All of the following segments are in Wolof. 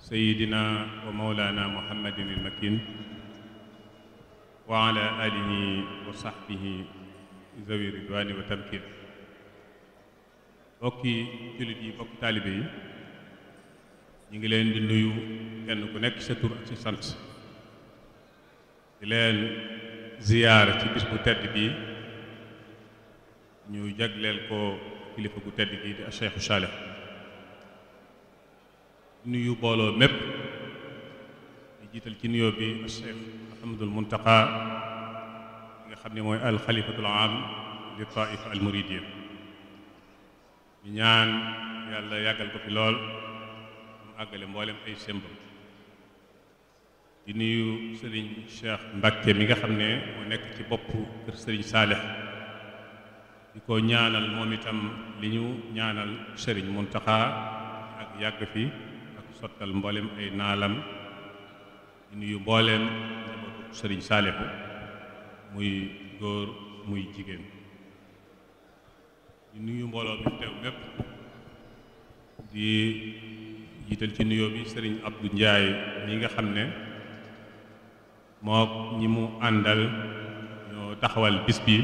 sayidina wa mawlana muhammadin il makin wa ala alihi wa sahbihi zawi ridwani wa tamkin bokki jullit yi bokki taalibe yi ñu ngi leen di nuyu kenn ku nekk sa tur ak sa sant di leen ziyaara ci bis bu tedd bi ñu jagleel ko kilifa gu tedd gi di a Cheikhu yu booloo mépp di jiital ci nuyoo bi Cheikh Mouhamadul Muntaqa nga xam ne mooy alxalifatul aam li taifa al muridiyya ñu ñaan yàlla yàggal ko fi lool mu àggale mboolem ay sembam di nuyu Serigne Cheikh Mbacke mi nga xam ne mu nekk ci bopp kër Serigne Saalix di ko ñaanal moom itam li ñu ñaanal Serigne Muntaxa ak yàgg fi sottal mboolem ay naalam di nuyu mbooleem njabootu sëriñ Saalihu muy góor muy jigéen di nuyu mbooloo mi teew mépp di jiital ci nuyoo bi sëriñ Abdou njaay mi nga xam ne moo ñi mu àndal ñoo taxawal bis bi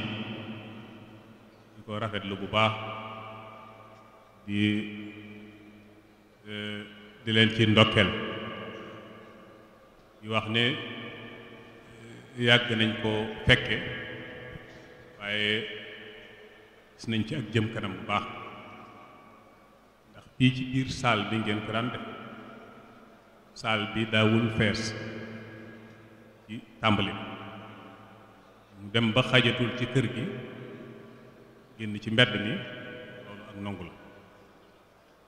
di ko rafetlu bu baax di eh, di leen ci ndokkeel di wax ne yàgg nañ ko fekke waaye gis nañ ci ak jëm kanam bu baax ndax fii ci biir saal bi ngeen ko daan saal bi daawul fees ci tàmbali mu dem ba xajatul ci kër gi génn ci mbedd mi loolu ak nongu la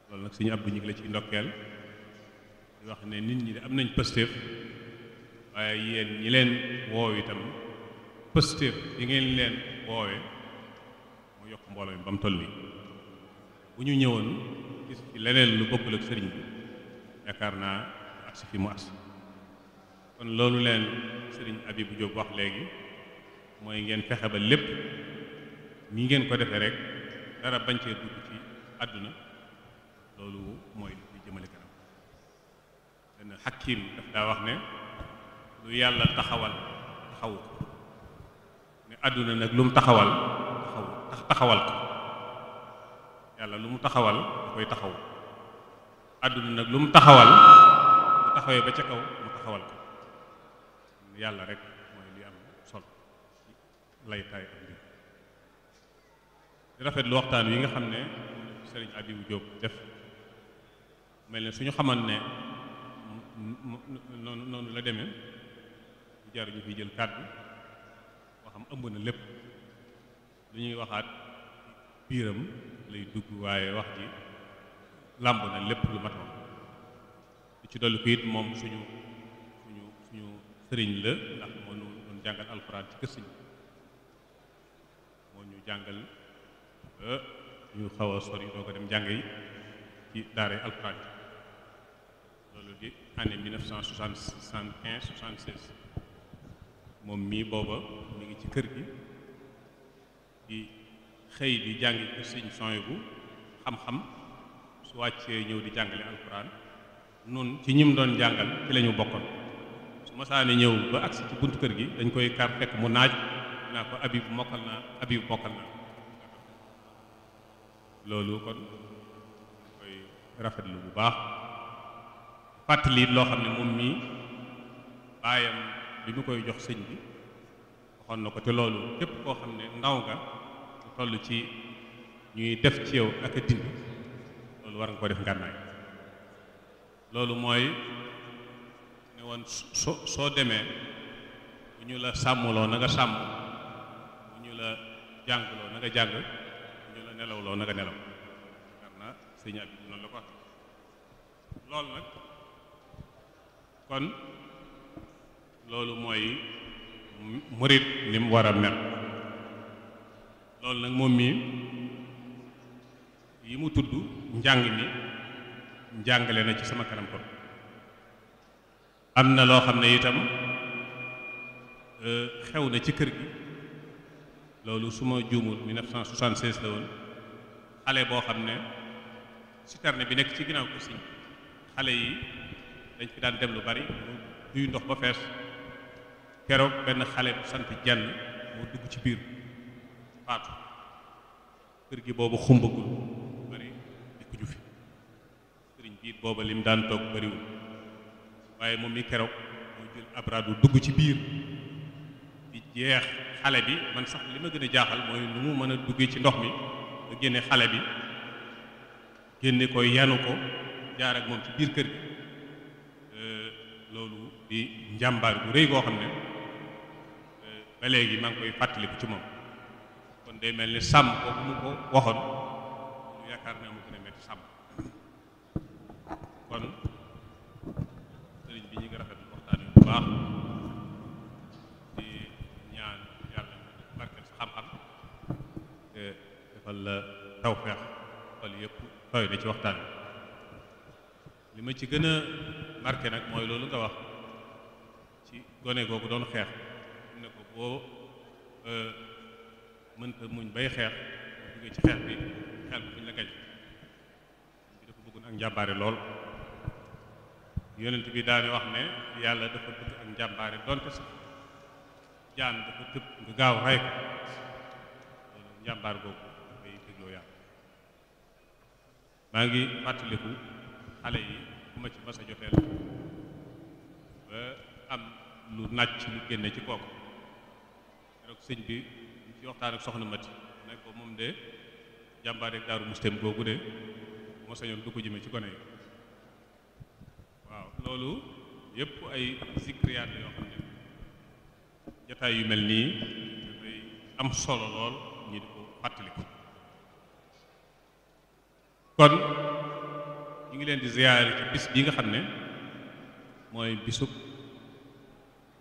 loolu nag suñu abdu ñu ci ndokkeel di wax ne nit ñi de am nañ pëstéef waaye yéen ñi leen woow itam pëstéef yi ngeen leen woowe moo yokk mbooloo mi ba mu toll nii bu ñu ñëwoon gis ci leneen lu bokkul ak sëriñ bi yaakaar naa agsi fi mu agsi kon loolu leen sëriñ abi Abibu Jóob wax léegi mooy ngeen fexe ba lépp ni ngeen ko defee rek dara bañ cee dugg ci àdduna loolu mooy li jëmale ibn Hakim daf daa wax ne lu yàlla taxawal taxawu ko ne àdduna nag lu mu taxawal taxaw taxawal ko yàlla lu mu taxawal da koy taxaw àdduna nag lu mu taxawal bu taxawee ba ca kaw mu taxawal ko yàlla rek mooy li am sol laytaay am bi rafet lu waxtaan wi nga xam ne Serigne Abibou Diop def mel ne suñu xaman ne noonu noonu la demee jaru ñu fi jël kàddu waxam ëmb na lépp lu ñuy waxaat biiram lay dugg waaye wax ji làmb na lépp lu mat moom ci dolli ko it moom suñu suñu suñu sëriñ la ndax moo ñu doon jàngal alxuraan ci kër sëriñ moo ñu jàngal ba ñu xaw a sori doo ko dem jàng yi ci daaree alxuraan sociologique année 1975 76 moom mii booba mi ngi ci kër gi di xëy di jàngi ko sëñ bu xam-xam su wàccee ñëw di jàngale alxuraan nun ci ñim doon jàngal ci la bokkoon su masaane ñëw ba agsi ci buntu kër gi dañ koy kar fekk mu naaj naa ko abib mokkal mokkal naa loolu kon koy rafetlu bu baax fàttali loo xam ne moom mii baayam li mu koy jox sëñ bi waxoon na ko te loolu képp koo xam ne ndaw nga lu ci ñuy def ci yow ak a dindi loolu war nga ko def ngànnaay loolu mooy ne woon so soo demee bu ñu la sàmmloo na nga sàmm bu ñu la jàngloo na nga jàng bu ñu la nelawloo loo nga nelaw karna nag kon loolu mooy murit ni mu war a mel loolu nag moom mii yi mu tudd njàng mi njàngale na ci sama kanam kon am na loo xam ne itam euh, xew na ci kër gi loolu su ma juumul 1976 la woon xale boo xam ne citerne bi nekk ci ginnaaw ko siñ xale yi dañ fi daan dem lu bari mu duy ndox ba fees keroog benn xale bu sant jenn moo dugg ci biir faatu kër gi boobu xumbagul bari nekkuñu fi sëriñ biit booba lim daan toog bariwul waaye moom mi keroog moo jël ab raadu dugg ci biir di jeex xale bi man sax li ma gën a jaaxal mooy nu mu mën a duggee ci ndox mi nga génne xale bi génne ko yanu ko jaar ak moom ci biir kër gi loolu bi njàmbaar bu rëy goo xam ne ba léegi ngi koy fàttaliku ci moom kon day mel ni sàmm kooku mu ko waxoon lu yaakaar ne mu gën a métti sàmm kon sëriñ bi ñu ngi rafet waxtaan wi bu baax di ñaan yàlla barkeel sa xam-xam defal la tawfeex xol yëpp tooy na ci waxtaan wi li ma ci gën marqué nag mooy loolu nga wax ci gone googu doon xeex ne ko boo euh, mënta muñ bay xeex bu duggee ci xeex bi xel bi dafa bëggoon ak njàmbaare lool yonent bi daani wax ne yàlla dafa bëgg ak njàmbaare donte sax jaan dafa tëb nga gaaw rey ko loolu njàmbaar googu dafay dégloo yàlla maa ngi fàttaliku xale yi ku ma ci mas a joteel ba am lu nàcc lu génne ci kooku rek sëñ bi ci waxtaan ak soxna Mati ne ko moom de jàmbaar rek daaru mustem googu de moo sañoon du ko jëme ci gone yi waaw loolu yépp ay zikriyaat yoo xam jataay yu mel nii dafay am solo lool ñu di ko fàttaliku kon ngi leen di ziyaare ci bis bi nga xam ne mooy bisub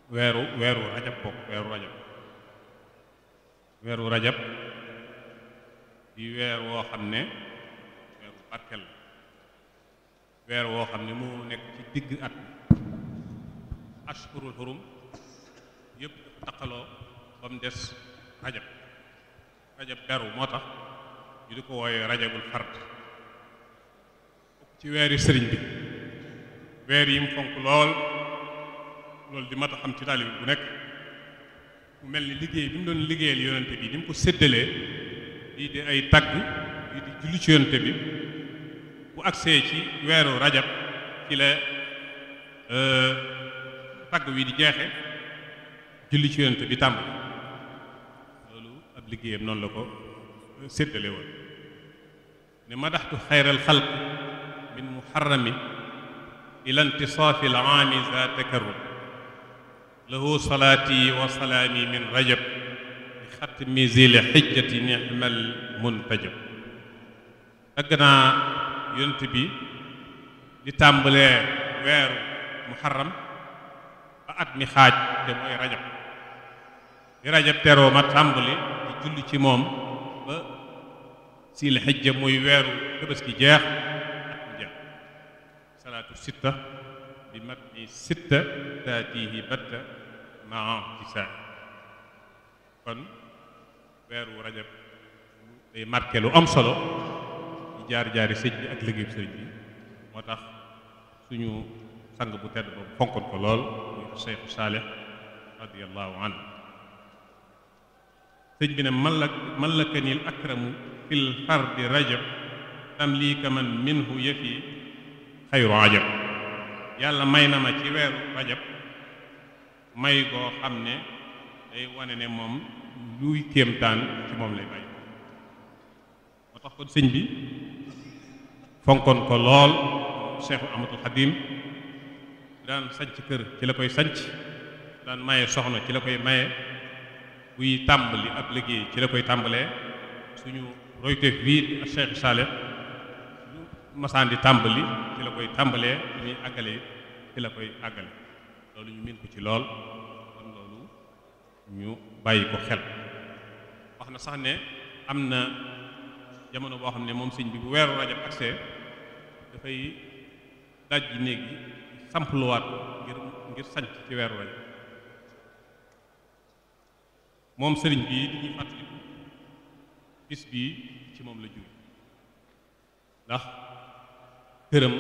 weeru weeru rajab bokk weeru rajab weeru rajab di weer woo xam ne weeru barkel weer woo xam ne mu nekk ci digg at ashhurul hurum yëpp taqaloo ba mu des rajab rajab beru moo tax ñu di ko wooyee rajabul fard ci weeri sëriñ bi weer yi mu fonk lool loolu di mat ci taalibe bu nekk mu mel ni liggéey bi mu doon liggéeyal yonante bi ni mu ko séddalee lii di ay tagg lii di julli ci yonante bi bu agsee ci weeru rajab ci la euh, tagg wi di jeexe julli ci yonante bi tàmbali loolu ab liggéeyam noonu la ko séddale woon ne madaxtu xayral xalq muharrami ila intisaafi alaami za takarrum lahu salaati wa salaami min rajab li xatmi zil xijjati nixmal muntajab tagg naa yonent bi di tàmbalee weeru muharram ba at mi xaaj te mooy rajab di rajab teroo ma tàmbali di julli ci moom ba sil xijja muy weeru tabaski jeex sitta bi mat ni sitta taatihi batta maa ci saa kon weeru rajab day marqué lu am solo ci jaar-jaari sëñ bi ak liggéeyu sëñ bi moo tax suñu sang bu tedd ba fonkoon ko lool muy Cheikh Saalih radiyallahu anhu sëñ bi ne man la man la kanil akramu fil fardi rajab am lii kaman minhu yafi xayru ajab yàlla may na ma ci weeru rajab may goo xam ne day wane ne moom luy kéemtaan ci moom lay may moo tax kon sëñ bi fonkoon ko lool Seexu Ahmadul Xadim daan sanc kër ci la koy sanc daan maye soxna ci la koy maye buy tàmbali ak liggéey ci la koy tàmbalee suñu royteef bii ak Seex Saalix masaan di tàmbali ci la koy tàmbalee li muy àggale it ci la koy àggale loolu ñu miin ko ci lool kon loolu ñu bàyyi ko xel wax na sax ne am na jamono boo xam ne moom sëñ bi bu weeru rajab agsee dafay daj ji néeg yi ngir sanc ci weeru rajab moom sëriñ bi di ñuy fàttaliku bis bii ci moom la jóge ndax këram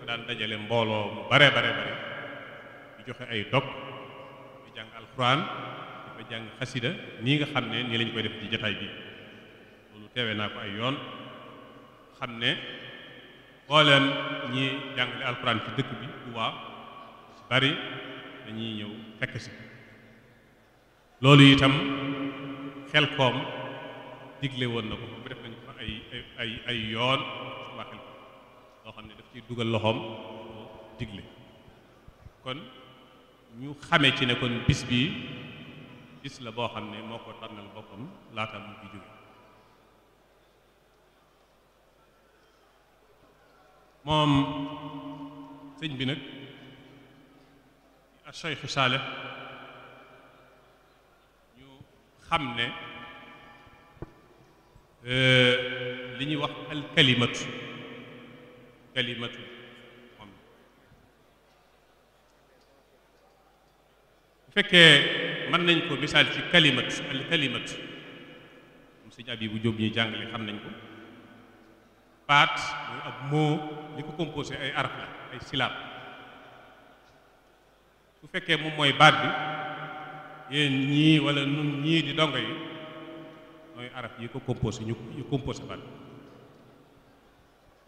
fa daan dajale mbooloo mu bare bare bare di joxe ay dog di jàng alxuraan dafa jàng xasida nii nga xam ne nii lañ koy def ci jataay bi loolu teewee naa ko ay yoon xam ne mbooleem ñi jàngale alxuraan ci dëkk bi Tuubaa si bari dañuy ñëw fekk si loolu itam xel koom digle woon na ko bu def nañ ko ay ay ay yoon ci dugal loxoom digle kon ñu xamee ci ne kon bis bii bis la boo xam ne moo ko tànnal boppam laata mu fi moom sëñ bi nag a Cheikh Saleh ñu xam ne euh, li ñuy wax alkalimatu kalimatu moom bu fekkee mën nañ ko misaal ci kalimat al kalimat moom sëñ ab yi bu jóob ñuy jàngale xam nañ ko baat mooy moo li ko composé ay araf la ay silaab su fekkee moom mooy baat bi yéen ñii wala nun ñii di dongo yi mooy arab yi ko composé ñu composé baat bi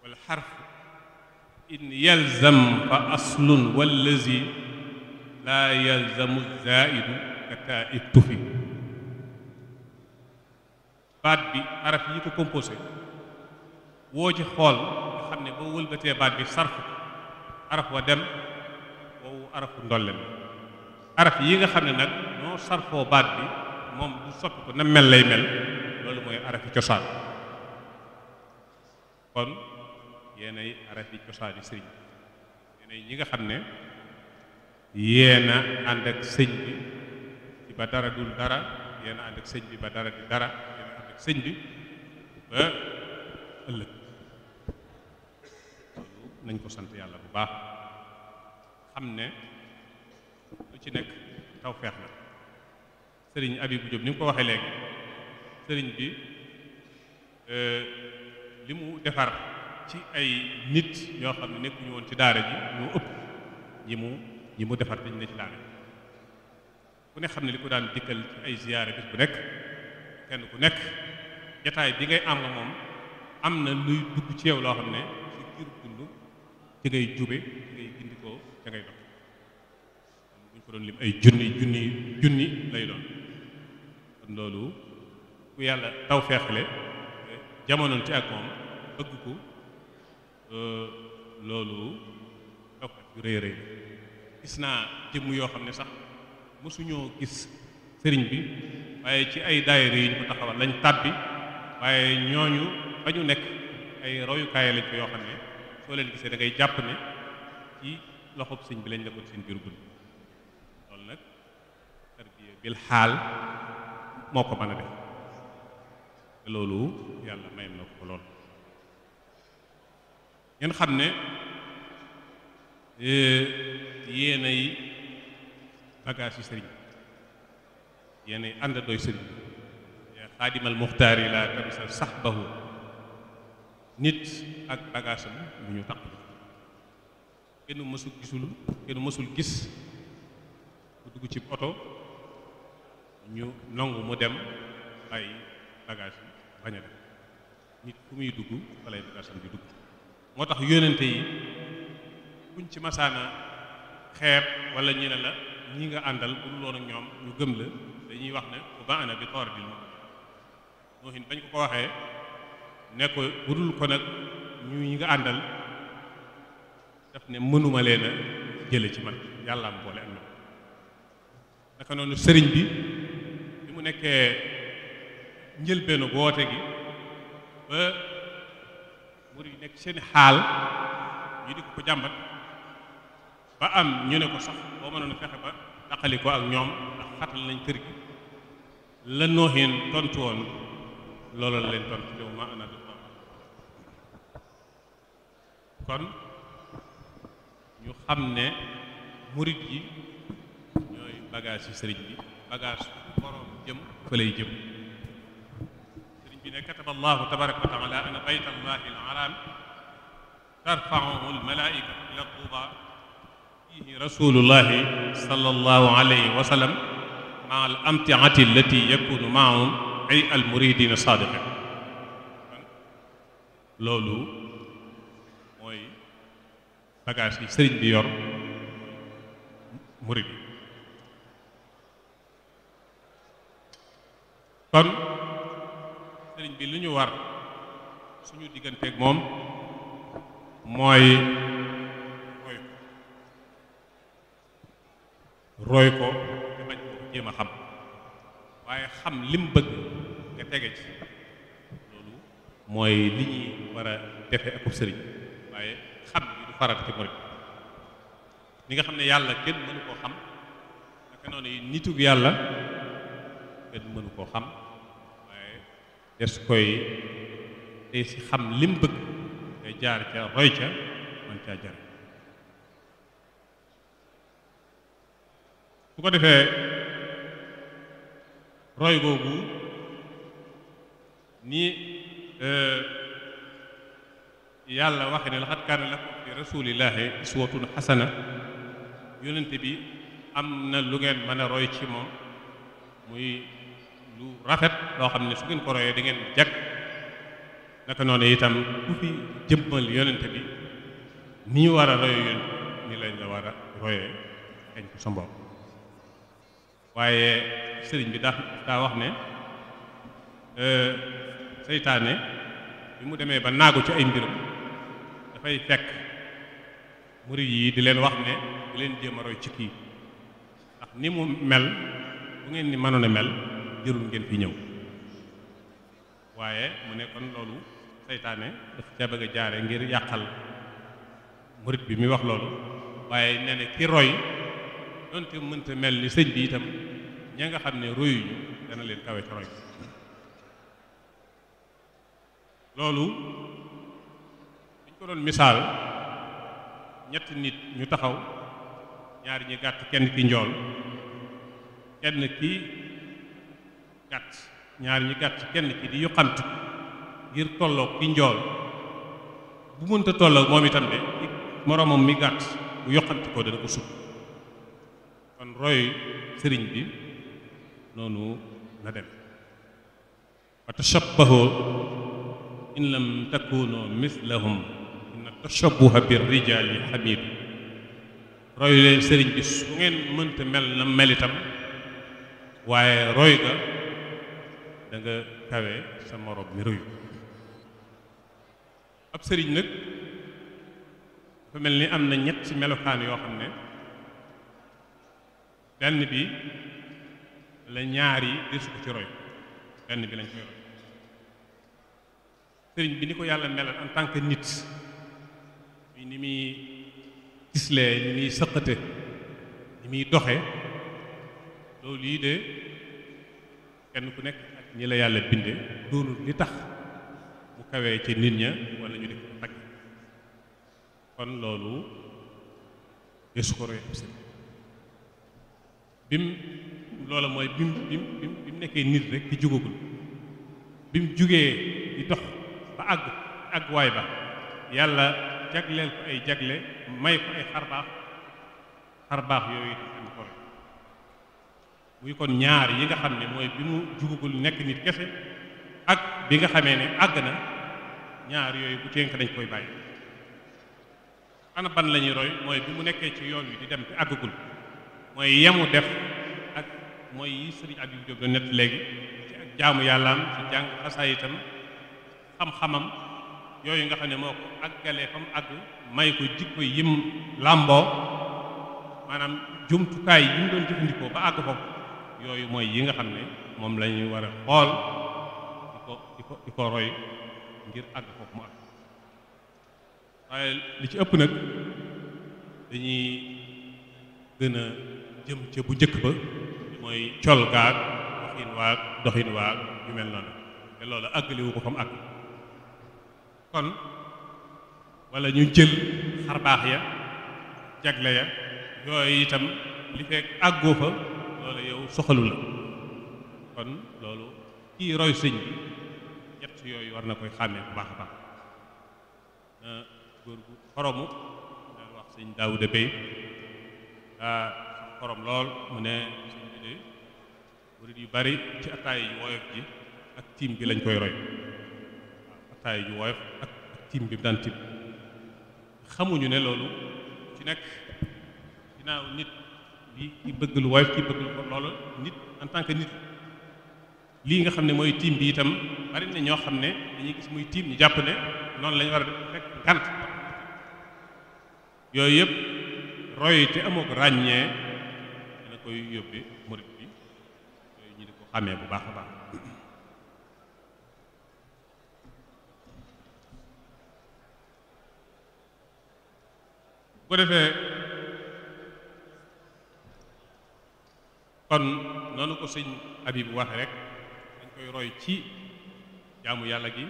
wala xarf in yalzam fa aslun wallazi laa yalzamu zaidu ka taib baat bi araf yi ko composé woo ci xool nga xam ne boo wëlbatee baat bi sarf araf wa dem woowu arafu ndolle mi araf yi nga xam ne nag noo sarfoo baat bi moom du soppi ko na mel lay mel loolu mooy arafi cosaan kon yéenay araf yi cosaani sëriñ bi nga xam ne yéena ànd ak sëñ bi ba dara dul dara yéena ànd ak sëñ bi ba dara dara sëñ bi ëllëg nañ ko sant yàlla bu baax xam ne lu ci nekk taw feex na sëriñ Abibu Jóob ni mu ko waxee léegi sëriñ bi euh, li mu defar ci ay nit ñoo xam ne nekkuñu woon ci daara ji ñoo ëpp yi mu yi mu defar dañ ne ci daara ji ne xam ne li daan dikkal ay ziyaare bis bu nekk kenn ku nekk jataay bi ngay am moom am na luy dugg ci loo xam ne ci giir dund ci ngay jube ci ngay gindikoo ca ngay dox bu ñu ko doon lim ay junni junni junni lay doon kon loolu ku yàlla taw feexle jamonoon ci ak moom bëgg ko Euh, loolu dokkat yu rëy rëy gis naa jëmm yoo xam ne sax mësuñoo gis sëriñ bi waaye ci ay daayira yi ñu ko taxawal lañ tàbbi waaye ñooñu ba ñu nekk ay royukaay lañ ko yoo xam ne soo leen gisee da ngay jàpp ne ci loxob sëñ bi lañ la seen biir gun loolu nag tarbiya bil xaal moo ko mën a def loolu yàlla may na ko lool ngeen xam ne eh, yéenay bagage yi sëriñ yéenay àndandooy sëriñ yaa xaadimal muxtaar yi laa tam sa sax bahu nit ak bagage am lu ñu taq kenn mësul gisul kenn mësul gis ku dugg ci oto ñu nangu mu dem ay bagage bañ nit ku muy dugg fa lay di dugg moo tax yónnente yi kuñ ci masaana xeeb walla ñi la ñi nga àndal bu dul woon ñoom ñu gëm la dañuy wax ne bu baax na bi toor bi moo xin bañ ko ko waxee ne ko bu dul ko nag ñu ñi nga àndal daf ne mënuma leen jële ci man yàlla am boole am na naka noonu sëriñ bi li mu nekkee njëlbeenu goote gi ba murid yi nekk seen xaal ñu di ko ko jàmbat ba am ñu ne ko sax boo mënoon fexe ba daqali ko ak ñoom ndax xatal nañ kër gi la nooxeen tontu woon loolu la leen tontu kon ñu xam ne murid yi ñooy bagage yi sëriñ bi bagage borom jëm fa lay jëm sëriñ bi ne kataba allahu tabaraka wa taala ana bayt allahi alharam tarfauhu almalaika ila tuba fihi rasulullahi sallallahu alayhi wa sallam maa al amtiati allati yakunu maahum ay al muridina sadiqin loolu mooy bagage yi sëriñ bi yor murid kon bi li ñu war suñu digganteeg moom mooy roy ko roy ko jéem a xam waaye xam lim bëgg nga tege ci loolu mooy li ñuy war a defee akub waaye xam bi du farat ci murit li nga xam ne yàlla kenn mënu koo xam naka noonu nitug yàlla kenn mënu koo xam des koy tey si xam lim bëgg jaar ca roy ca man caa jar bu ko defee roy googu ni e, yàlla waxe ne laxat kaana lakum fi rasulillahi uswatun xasana yonente bi am na lu ngeen mën a roy ci moom muy lu rafet loo xam ne su ngeen ko royee da ngeen jag naka noonu itam ku fi jëmmal yonent bi ni war a royee yonent ko sa mbokk waaye sëriñ bi daa daa wax ne e, seytaane bi mu demee ba naagu ci ay mbiram dafay fekk murid yi di leen wax ne di leen jéem a roy ci kii ndax ni mu mel bu ngeen ni mënoon a mel jërul ngeen fi ñëw waaye mu ne kon loolu seytaane daf ca bëgg a jaare ngir yàqal murit bi muy wax loolu waaye nee na ki roy donte mënta mel ni sëñ bi itam ña nga xam ne royuñu dana leen kawe ci roy loolu misaal ñett nit ñu taxaw ñaari ñi gàtt kenn ki njool kenn ki gàtt ñaar ñu gàtt kenn ki di yuqamtu ngir tolloog ki njool bu mënta tolloog moom itam de moroomam mi gàtt bu yuqamtu ko dana ko sut kon roy sëriñ bi noonu la dem wa tashabbahu in lam takunu mislahum inna tashabbuha bir rijaali xamidu roy leen sëriñ bi su ngeen mënta mel na mel itam waaye roy ga danga nga sa morom mi rëyu ab sëriñ nag fa mel ni am na ñett ci melokaan yoo xam ne benn bi la ñaari yi ko ci roy benn bi lañ koy roy sëriñ bi ni ko yàlla melal en tant que nit bi ni muy gislee ni muy sëqate ni muy doxe loolu yi de kenn ku nekk ñi la yàlla binde doonul li tax mu kawee ci nit ña wala ñu di ko tagg kon loolu desu ko roy ab sëriñ bim loola mooy bim bim bim nekkee nit rek ci jugagul bim jugee di dox ba àgg àgg waay ba yàlla jagleel ko ay jagle may ko ay xarbaax xarbaax yooyu dafa am ko rek muy kon ñaar yi nga xam ne mooy bi mu jugagul nekk nit kese ak bi nga xamee ne àgg na ñaar yooyu bu tënk dañ koy bàyyi ana ban la ñuy roy mooy bi mu nekkee ci yoon wi di dem te àggagul mooy yemu def ak mooy yi sëriñ Abib Diop doon nett léegi ci ak jaamu yàllaam ci jàng xasaay itam xam-xamam yooyu nga xam ne moo ko ak fa mu àgg may ko jikko yim làmboo maanaam jumtukaay yi mu doon jëfandikoo ba àgg foofu yooyu mooy yi nga xam ne moom la ñuy war a xool di ko di ko roy ngir àgg foofu mu àgg waaye li ci ëpp nag dañuy gën a jëm ca bu njëkk ba mooy col gaag doxin waag doxin mel noonu te loolu àggali wu ko fa mu àgg kon wala ñu jël xarbaax ya jagle ya yooyu itam li fekk àggoo fa soxalu la kon loolu kii roy sëñ bi ñett yooyu war na koy xàmmee bu baax a baax na góor gu xoromu daan wax sëñ Daawuda Bey daa xorom lool mu ne sëñ yu bari ci attaay yu woyof ji ak tiim bi lañ koy roy waaw attaay yu woyof ak tiim bi mu daan xamuñu ne loolu ci nekk ginnaaw nit bi ki bëgg lu woyof ki bëgg lu ko loolu nit en tant que nit lii nga xam ne mooy tiim bi itam bari na ñoo xam ne dañuy gis muy tiim ñu jàpp ne noonu lañu war a def rek ngant yooyu yëpp roy te amoo ràññee dana koy yóbbe murit bi ñu di ko xamee bu baax a baax bu defee kon noonu ko sëñ Habib waxe rek dañ koy roy ci jaamu yàlla gi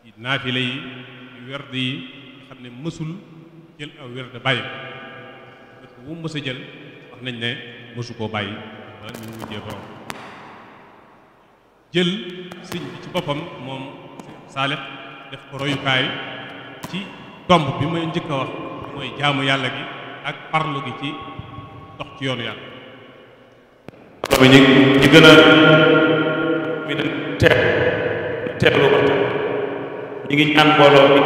ci naafile yi ci werd yi nga xam ne mësul jël aw werd bàyyi ko bu mu mës a jël wax nañ ne mësu koo bàyyi daan ñu mujjee borom jël sëñ bi ci boppam moom Saalix def ko royukaay ci tomb bi may njëkk a wax mooy jaamu yàlla gi ak parlu gi ci dox ci yoonu yàlla bi ñi ñi gën a mi ne teel teelu ko ñi ngi ñaan mbooloo bi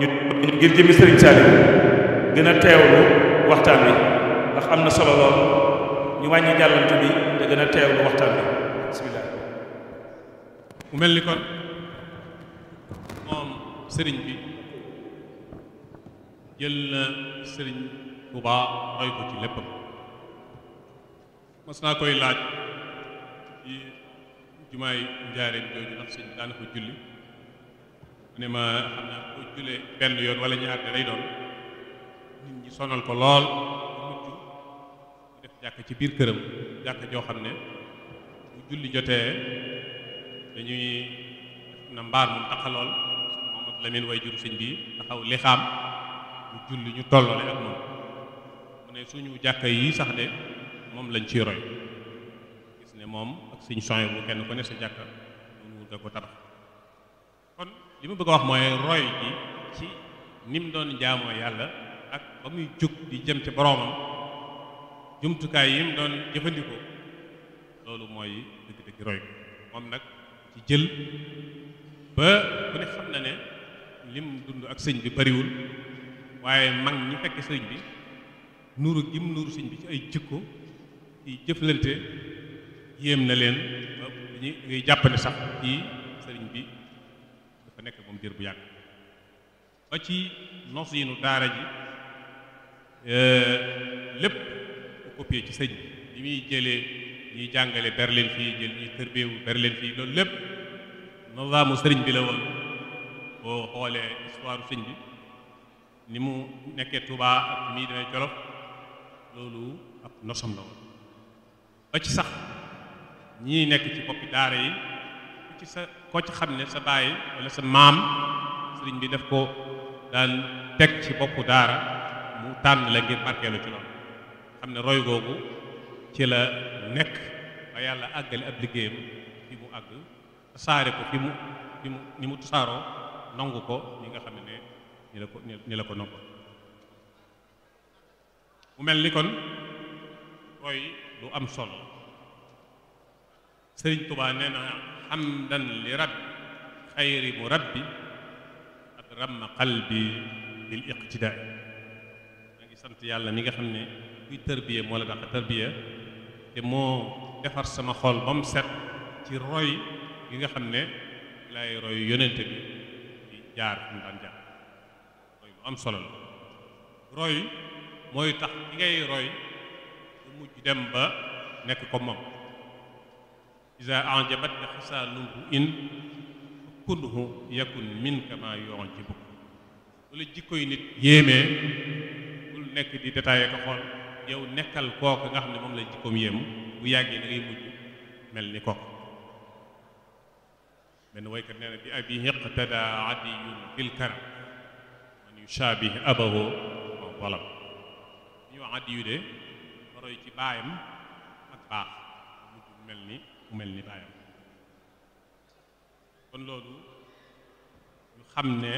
ñu ngir jëmi sëriñ Saliou gën a teewlu waxtaan wi ndax am na solo lool ñu wàññi jàllantu bi te gën a teewlu waxtaan bi bismillah mu mel ni kon moom sëriñ bi jël na sëriñ bu baax roy ko ci léppam mas naa koy laaj ci jumaay njaareem jooju ndax sëñ daana julli mu ne ma xam naa ko jullee benn yoon wala ñaar de lay doon nit ñi sonal ko lool mujj jàkk ci biir këram jàkk joo xam ne bu julli jotee dañuy na mbaar mu taxalool Mohamad Lamine way jur sëñ bi taxaw li xaam julli ñu tollale ak moom mu ne suñu jàkka yi sax de moom lañ ciy roy gis ne moom ak suñ chony bu kenn ko ne sa jàkka mënu nga ko tabax kon li ma bëgg a wax mooy roy ji ci ni doon jaamoo yàlla ak ba muy jóg di jëm ci boroomam jumtukaay yi mu doon jëfandikoo loolu mooy dëgg-dëgg roy moom nag ci jël ba ku ne xam na ne lim dund ak sëñ bi bariwul waaye mag ñi fekk sëñ bi nuuru gim nuuru sëñ bi ci ay jikko yi jëflante yéem na leen dañuy jàpp sax ci sëriñ bi dafa nekk moom jër bu yàgg ba ci nos yi nu daara ji euh, lépp ku copier ci sëñ bi muy jëlee ñuy jàngale Berlin fii jël ñuy tërbeewu Berlin fii loolu lépp novaamu sëriñ bi la woon boo xoolee histoire sëñ bi ni mu nekkee Touba ak mi Jolof loolu ab nosam la woon ba ci sax ñii nekk ci boppi daara yi ci sa koo ci xam ne sa baay wala sa maam sëriñ bi def ko daan teg ci boppu daara mu tànn la ngir barkeelu ci loolu xam ne roy googu ci la nekk ba yàlla àggale ab liggéeyam fi mu àgg saare ko fi mu fi mu ni mu tusaaroo nangu ko ñi nga xam ne ni la ko ni la ko nangu mu mel ni kon roy du am solo sëriñ tubaa nee na xamdan li rabbi xayri mu rabbi ak ramm qalbi bil iqtidaa maa ngi sant yàlla mi nga xam ne kuy tërbiya moo la dàq tërbiya te moo defar sama xol ba set ci roy gi nga xam ne lay roy yonent bi di jaar fi daan jaar roy mooy tax ki ngay roy mujj dem ba nekk ko moom isa anjabat ka xisaalumhu in kunhu yakun min kama yu'jibuk lu la jikkoy nit yéemee bul nekk di détaillé ko xool yow nekkal kooku nga xam ne moom la jikkoom yéemu bu yàggee da ngay mujj mel ni kooku benn waykat nee na bi abi iqtada adiyun bil karam man yushabihi abahu wa zalam ñu adi yu de roy ci baayam ak baax mujj mu mel ni mu mel ni baayam kon loolu ñu xam ne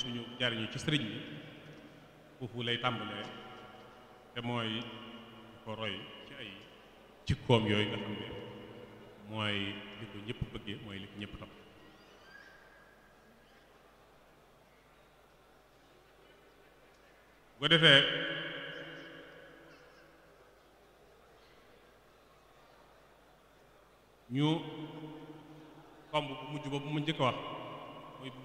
suñu jariñu ci sëriñ bi foofu lay tàmbalee te mooy ko roy ci ay jikkoom yooyu nga xam ne mooy li ko ñëpp bëggee mooy li ko ñëpp topp bu defee ñu tomb bu mujj ba bu mu njëkk wax muy bu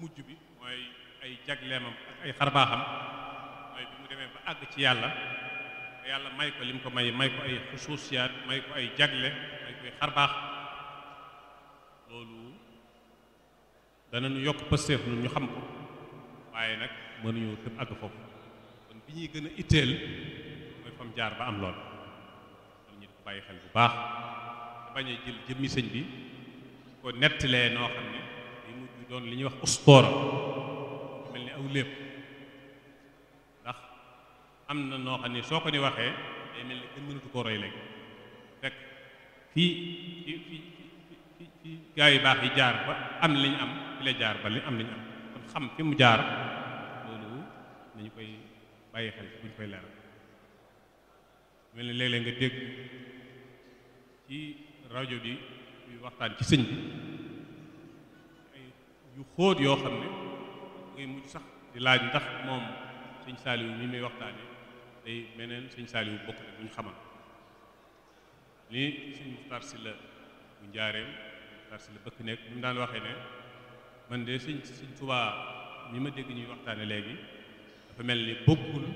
mujj bi mooy ay jagleemam ak ay xarbaaxam mooy bi mu demee ba àgg ci yàlla te yàlla may ko lim ko may may ko ay xusuusiyaat may ko ay jagle may ko ay xarbaax loolu danañu yokk pësteef nu ñu xam ko waaye nag mënuñu tëb àgg foofu kon bi ñuy gën a itteel mooy fam jaar ba am lool kon ñu ko bàyyi xel bu baax bañ a jël jëmmi sëñ bi ko nettalee noo xam ne li mujj doon li ñuy wax ustoora mel ni aw lépp ndax am na noo xam ne soo ko ne waxee day mel ni kenn koo roy léegi fi fi fi baax yi jaar ba am li ñu am fi la jaar ba li am li ñu am kon xam fi mu jaar loolu nañu koy bàyyi xel bu ñu koy leeral mel ni léeg-léeg nga dégg ci rajo bi muy waxtaan ci sëñ bi yu xóot yoo xam ne ngay mujj sax di laaj ndax moom sëñ Saaliwu mi muy waxtaane day meneen sëñ Saaliwu bokk na bu xamal li sëñ Muxtaar la bu njaareem Muxtaar si la bëkk nekk mu daan waxee ne mën de sëñ sëñ Tuubaa mi ma dégg ñuy waxtaane léegi dafa mel ni bokkul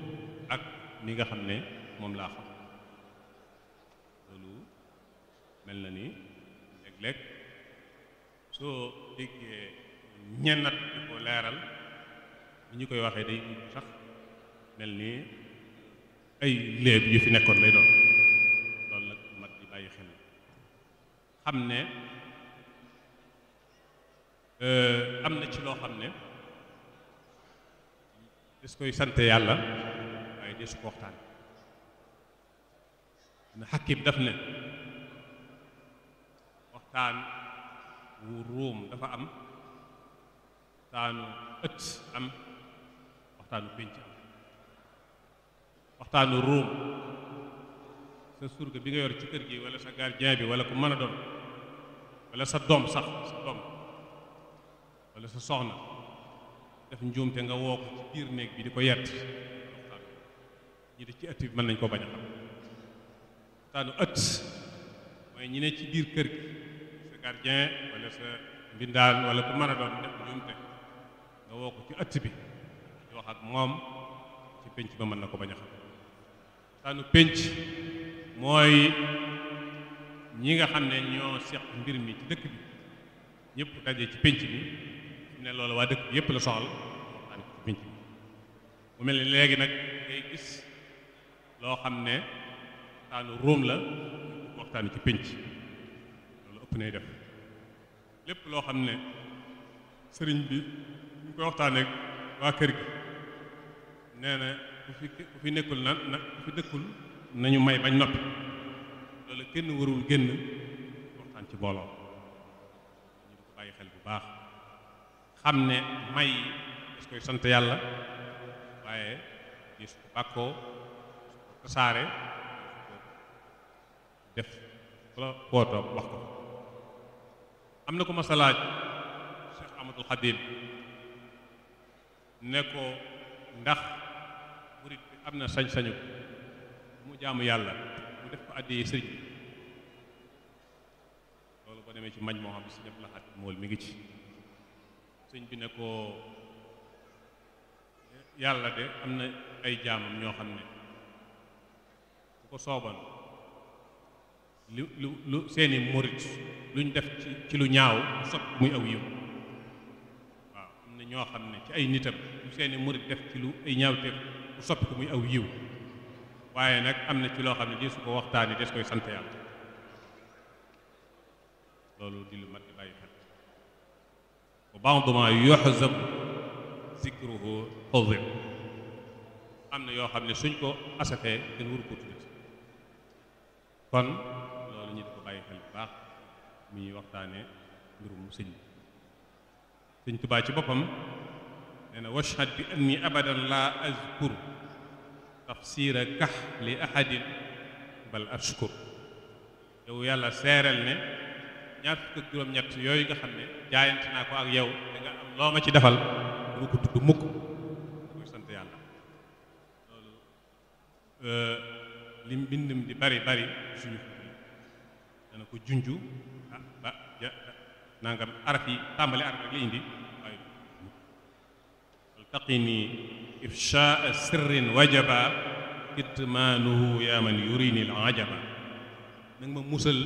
ak ni nga xam ne moom laa xam mel na ni léeg-léeg soo déggee ñennat di ko leeral bi ñu koy waxee day sax mel ni ay léeb yu fi nekkoon lay doon loolu nag mat di bàyyi xel xam ne euh, am na ci loo xam ne des koy sante yàlla waaye dee su ko waxtaan na xakim daf ne taan wu dafa am waxtaanu ëtt am waxtaanu pénc am waxtaanu ruum sa surga bi nga yor ci kër gi wala sa gardien bi wala ku mën a doon walla sa doom sax sa doom wala sa soxna def njuumte nga woo ko ci biir néeg bi di ko yett waxtaan ñi de ci ëtt bi mën nañ koo bañ a ëtt mooy ñi ne ci biir kër gi gardien wala sa mbindaan wala ku mën a doon def njuumte nga woo ci ëtt bi di wax ak moom ci pénc ba mën na ko bañ a xam tànnu pénc mooy ñi nga xam ne ñoo seq mbir mi ci dëkk bi ñëpp daje ci pénc bi mu ne loolu waa dëkk bi yëpp la soxal waxtaan ci pénc bi mu mel ni léegi nag ngay gis loo xam ne taanu room la waxtaan ci pénc loolu ëpp nay def lépp loo xam ne sëriñ bi ñu koy waxtaanee waa kër gi nee na ku fi ku fi nekkul na nag ku fi dëkkul nañu may bañ noppi loolu kenn warul génn waxtaan ci mbooloo ñu ko bàyyi xel bu baax xam ne may su koy sant yàlla waaye di su ko bàkkoo su ko tasaare def la wootoo wax ko am na ko masalaaj a laaj Cheikh Ahmadul Xadim ne ko ndax murit bi am na sañ-sañu mu jaamu yàlla mu def ko àddi sëriñ bi loolu ba demee ci mañ moo xam ne si ñëpp la xat mool mi ngi ci sëñ bi ne ko yàlla de am na ay jaamam ñoo xam ne ku ko sooban lu lu lu seeni murit luñ def ci ci lu ñaaw sopp muy aw yiw waaw am na ñoo xam ne ci ay nitam lu seeni murit def ci lu ñaawteef bu soppi ko muy aw yiw waaye nag am na ci loo xam ne di su ko waxtaani des koy sant yàlla loolu di lu mat di bàyyi wa bandement yoxsam zikruhu xawsim am na yoo xam ne suñ ko asafee kenn wuru ko mu ñuy waxtaane mbirum sëñ bi sëñ tubaa ci boppam nee na bi anni abadan laa azkur tafsira kax li ahadin bal ashkur yow yàlla seereel ne ñaar fukk ak juróom-ñett yooyu nga xam ne jaayante naa ko ak yow da am loo ma ci defal lu ko tudd mukk koy sant yàlla loolu euh, lim bindum di bari bari dana ko junju ja nangam araf yi tàmbali araf rek la ma musal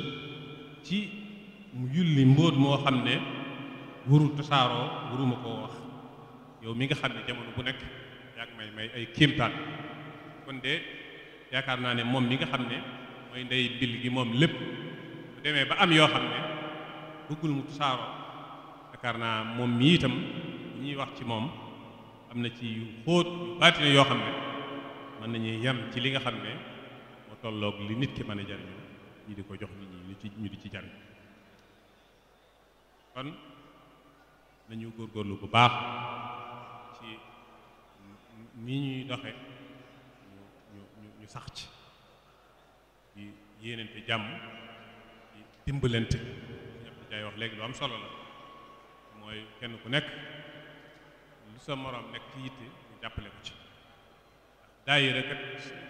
ci mu yulli mbóot moo xam ne wuru tasaaroo wuruma koo wax yow mi nga xam ne jamono bu nekk yaag may may ay kéemtaan kon de yaakaar naa ne moom mi nga xam ne mooy ndey bil gi moom lépp bu demee ba am yoo xam ne bëggul mu tasaaroo yaakaar naa moom mii itam ñuy wax ci moom am na ci yu xóot yu baatine yoo xam ne mën nañuy yem ci li nga xam ne moo tolloog li nit ki mën a jariñu ñu di ko jox nit ñu ci ñu di ci jariñ kon nañu góorlu bu baax ci ni ñuy doxe ñu sax ci di yéenante jàmm di dimbalante ngay wax léegi lu am solo la mooy kenn ku nekk lu sa moroom nekk ci yitte ñu jàppale ko ci daayira kat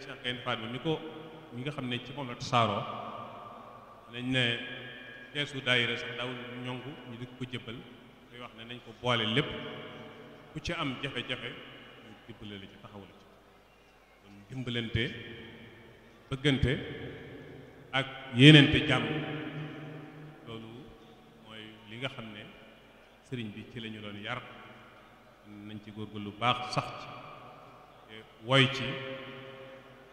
Cheikh Gaynde Fatma mi ko mi nga xam ne ci moom la tasaaroo nañ ne keesu daayira sax daawul ñongu ñu di ko jëbbal koy wax ne nañ ko boole lépp ku ci am jafe-jafe ñu dimbale la ci taxaw dimbalante bëggante ak yéenante jàmm yi nga xam ne sëriñ bi ci lañu doon yar nañ ci góor góorgóorlu lu baax sax ci woy ci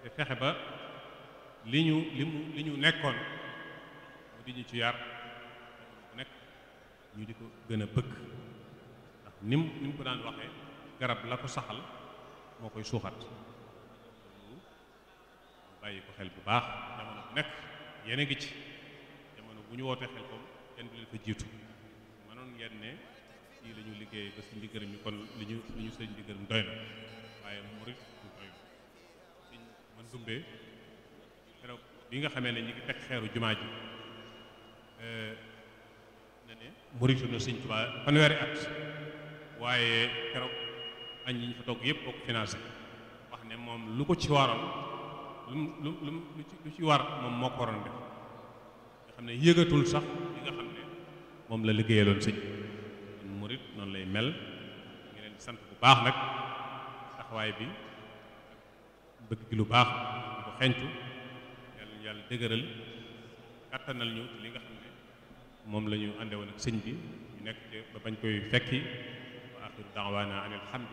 te fexe ba li ñu li mu li ñu nekkoon mu di ñu ci yar nekk ñu di ko gën a bëgg ndax nim ni mu ko daan waxee garab la ko saxal moo koy suuxat bàyyi ko xel bu baax jamono bu nekk yéen ngi ci jamono bu ñu wootee xel ko kenn du leen jiitu mënoon ngeen ne lii la ñu liggéey ba sëñ bi gërëm ñu kon li ñu li ñu sëñ bi gërëm doy na waaye murit du doy sëñ mën dumbee nga xamee ne ñu ngi teg xeeru jumaa ji eh, ne na sëñ Tuubaa fanweeri at waaye keroog añ yi ñu fa togg yëpp bokk financé wax ne moom lu ko ci waroon lu lu lu lu ci war moom moo ko waroon nga xam ne yëgatul sax moom la liggéeyaloon sëñ murit noonu lay mel ngi sant bu baax nag taxawaay bi bëgg gi lu baax di ko xencu yàlla ñu yàlla dëgëral kàttanal ñu li nga xam ne moom la ñu ànde woon ak sëñ bi ñu nekk ba bañ koy fekki wa axiru daawaana anil hamdu